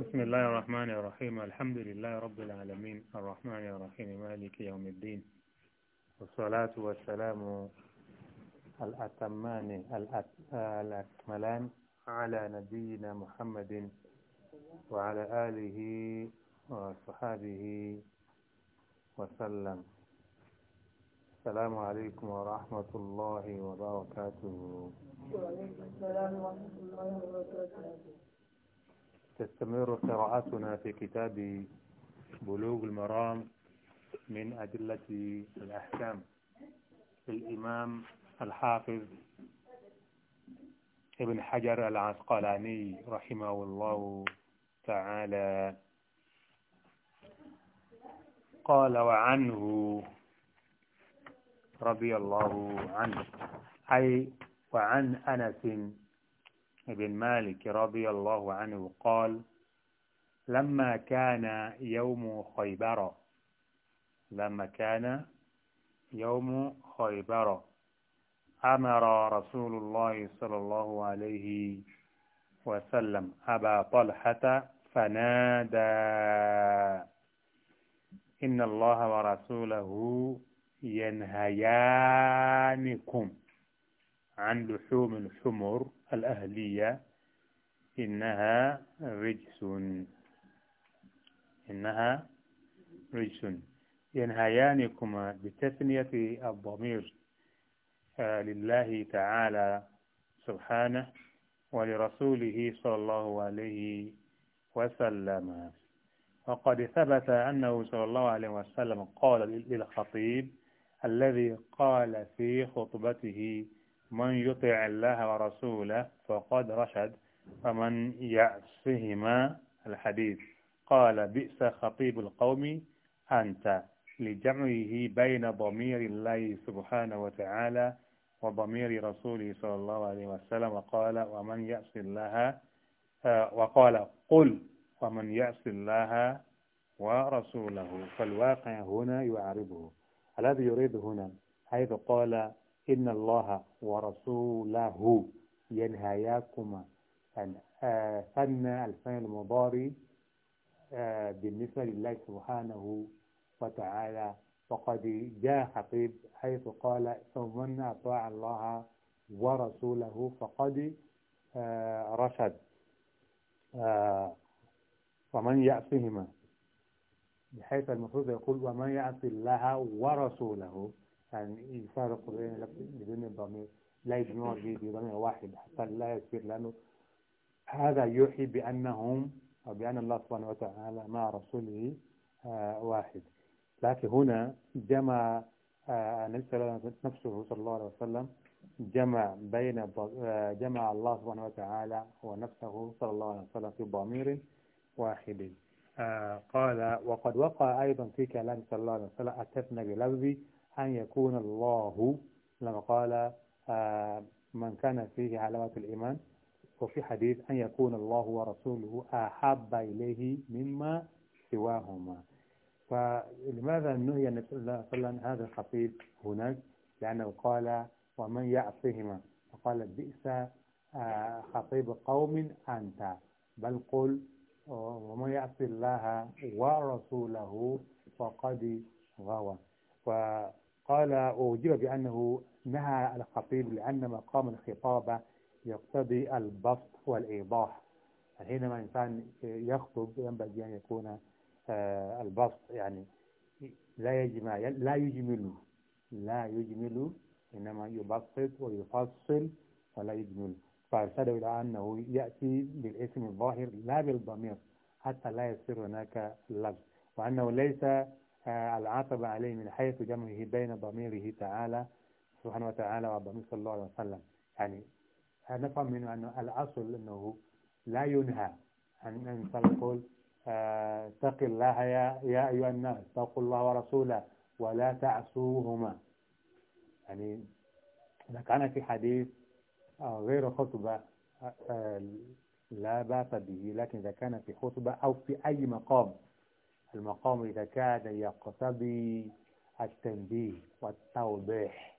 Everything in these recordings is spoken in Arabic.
بسم الله الرحمن الرحيم الحمد لله رب العالمين الرحمن الرحيم مالك يوم الدين والصلاة والسلام الأتمان الأكملان على نبينا محمد وعلى آله وصحابه وسلم السلام عليكم ورحمة الله وبركاته وعليكم السلام ورحمة الله وبركاته تستمر قراءتنا في كتاب بلوغ المرام من أدلة الأحكام للإمام الحافظ ابن حجر العسقلاني رحمه الله تعالى قال وعنه رضي الله عنه أي وعن أنس بن مالك رضي الله عنه قال لما كان يوم خيبر لما كان يوم خيبر أمر رسول الله صلى الله عليه وسلم أبا طلحة فنادى إن الله ورسوله ينهيانكم عن لحوم الحمر الأهلية إنها رجس إنها رجس ينهيانكما بتثنية الضمير آه، لله تعالى سبحانه ولرسوله صلى الله عليه وسلم وقد ثبت أنه صلى الله عليه وسلم قال للخطيب الذي قال في خطبته من يطع الله ورسوله فقد رشد فمن يعصهما الحديث قال بئس خطيب القوم أنت لجمعه بين ضمير الله سبحانه وتعالى وضمير رسوله صلى الله عليه وسلم وقال ومن يعص الله آه، وقال قل ومن يعص الله ورسوله فالواقع هنا يعارضه الذي يريد هنا حيث قال إن الله ورسوله ينهاياكما عن ثنى الفعل المضاري آه، بالنسبة لله سبحانه وتعالى فقد جاء خطيب حيث قال ومن أطاع الله ورسوله فقد آه، رشد آه، ومن يعصهما بحيث المفروض يقول ومن يعص الله ورسوله يعني يفارق بين بدون الضمير لا يجمع بضمير واحد حتى لا يصير لأنه هذا يوحي بأنهم أو بأن الله سبحانه وتعالى مع رسوله آه، واحد لكن هنا جمع آه، النبي نفسه صلى الله عليه وسلم جمع بين آه، جمع الله سبحانه وتعالى ونفسه صلى الله عليه وسلم في ضمير واحد قال وقد وقع أيضا في كلام صلى الله عليه وسلم أتتنا بلفظ أن يكون الله لما قال آه، من كان فيه علامات الإيمان وفي حديث أن يكون الله ورسوله أحب إليه مما سواهما فلماذا نهي النبي صلى الله عليه وسلم هذا الخطيب هناك لأنه قال ومن يعصيهما فقال بئس آه، خطيب قوم أنت بل قل ومن يعصي الله ورسوله فقد غوى قال وأجيب بأنه نهى الخطيب لأن مقام الخطابة يقتضي البسط والإيضاح حينما الإنسان يخطب ينبغي أن يكون آه، البسط يعني لا يجمع لا يجمل لا يجمل إنما يبسط ويفصل ولا يجمل فأرسلوا إلى أنه يأتي بالاسم الظاهر لا بالضمير حتى لا يصير هناك لفظ وأنه ليس العاطبة عليه من حيث جمعه بين ضميره تعالى سبحانه وتعالى وضمير صلى الله عليه وسلم يعني نفهم منه أن الأصل أنه لا ينهى أن الإنسان يقول آه، اتق الله يا, يا أيها الناس اتقوا الله ورسوله ولا تعصوهما يعني إذا كان في حديث آه، غير خطبة آه، لا بأس به لكن إذا كان في خطبة أو في أي مقام المقام إذا كان يقتضي التنبيه والتوضيح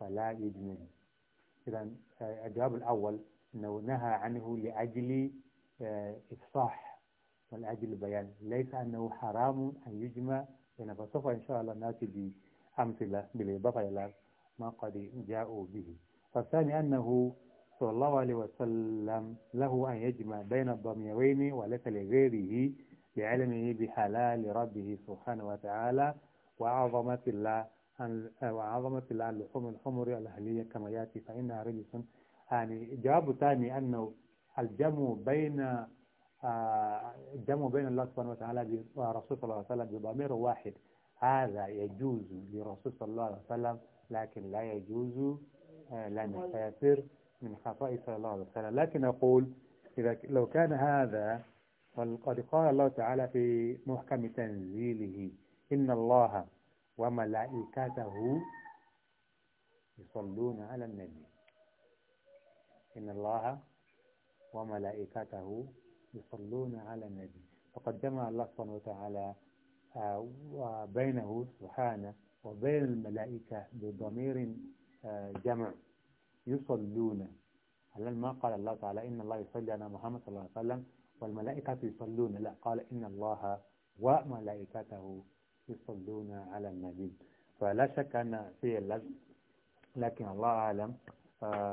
فلا يجمل إذا آه، الجواب الأول أنه نهى عنه لأجل آه، إفصاح ولأجل بيان ليس أنه حرام أن يجمع بين فسوف إن شاء الله نأتي بأمثلة بالإضافة إلى ما قد جاءوا به فالثاني أنه صلى الله عليه وسلم له أن يجمع بين الضميرين وليس لغيره بعلمه بحلال ربه سبحانه وتعالى وعظمة الله وعظمة الله لحوم الحمر الأهلية كما يأتي فإنها رجس يعني جواب ثاني أنه الجمع بين آه، الجمع بين الله سبحانه وتعالى ورسول صلى الله عليه وسلم بضمير واحد هذا يجوز لرسول صلى الله عليه وسلم لكن لا يجوز آه، لنا فيصير من خطائه صلى الله عليه وسلم لكن أقول إذا لو كان هذا فقد قال الله تعالى في محكم تنزيله إن الله وملائكته يصلون على النبي إن الله وملائكته يصلون على النبي فقد جمع الله سبحانه وتعالى آه، بينه سبحانه وبين الملائكة بضمير آه، جمع يصلون هل ما قال الله تعالى إن الله يصلي على محمد صلى الله عليه وسلم والملائكة يصلون لا قال إن الله وملائكته يصلون على النبي فلا شك أن فيه لكن الله أعلم آه،